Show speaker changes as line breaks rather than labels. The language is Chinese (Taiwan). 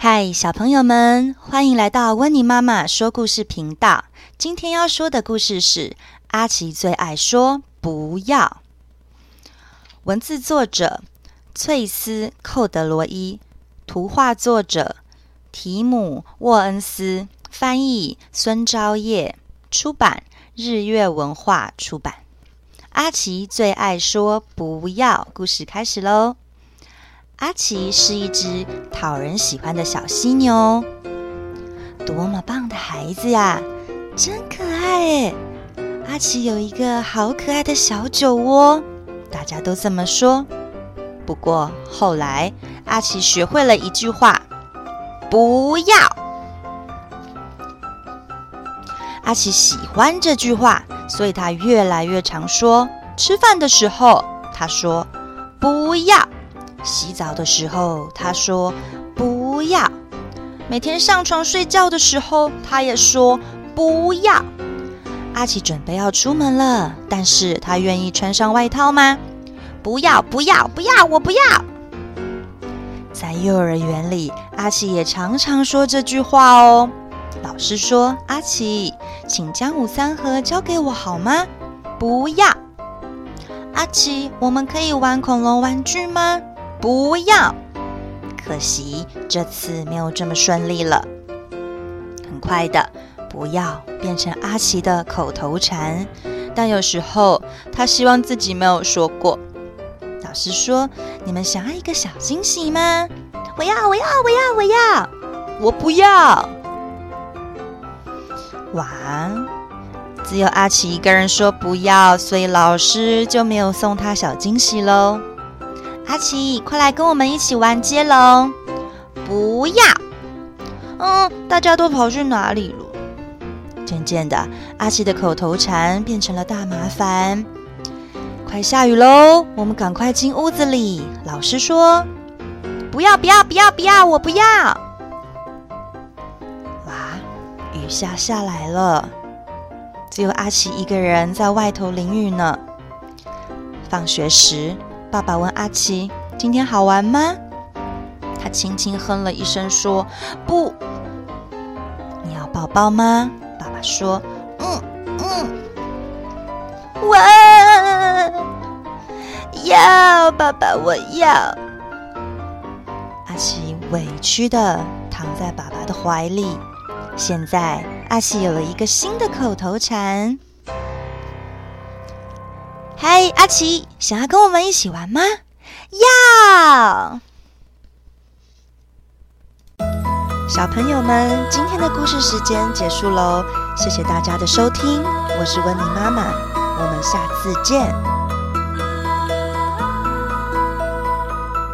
嗨，Hi, 小朋友們，歡迎來到溫妮媽媽說故事頻道。今天要說的故事是《阿奇最愛說不要》，文字作者翠絲·寇德羅伊，圖畫作者提姆·沃恩斯，翻譯孫昭業，出版日月文化出版。阿奇最愛說不要，故事開始嘍。阿奇是一隻討人喜歡的小犀牛，多麼棒的孩子呀！真可愛哎！阿奇有一個好可愛的小酒窩，大家都這麼說。不過後來，阿奇學會了一句話：“不要。”阿奇喜歡這句話，所以他越來越常說。吃飯的時候，他說：“不要。”洗澡的時候，他說不要；每天上床睡覺的時候，他也說不要。阿奇準備要出門了，但是他願意穿上外套嗎？不要，不要，不要，我不要。在幼兒園裡，阿奇也常常說這句話哦。老師說：“阿奇，請將午餐盒交給我好嗎？”不要。阿奇，我們可以玩恐龍玩具嗎？不要！可惜這次沒有這麼順利了。很快的，不要變成阿奇的口頭禪，但有時候他希望自己沒有說過。老師說：“你們想要一個小驚喜嗎？”我要！我要！我要！我要！我不要。哇，只有阿奇一個人說不要，所以老師就沒有送他小驚喜嘍。阿奇，快來跟我們一起玩接龍！不要！嗯，大家都跑去哪裡了？漸漸的，阿奇的口頭禪變成了大麻煩。快下雨嘍，我們趕快進屋子裡。老師說：“不要，不要，不要，不要，我不要。”哇，雨下下來了，只有阿奇一個人在外頭淋雨呢。放學時，爸爸問阿奇：“今天好玩嗎？”他輕輕哼了一聲，說：“不。”你要抱抱嗎？爸爸說：“嗯嗯，哇，要，爸爸，我要。”阿奇委屈地躺在爸爸的懷裡。現在，阿奇有了一個新的口頭禪。嗨，hey, 阿奇，想要跟我們一起玩嗎？要、yeah!！小朋友們，今天的故事時間結束嘍，謝謝大家的收聽，我是溫妮媽媽，我們下次見。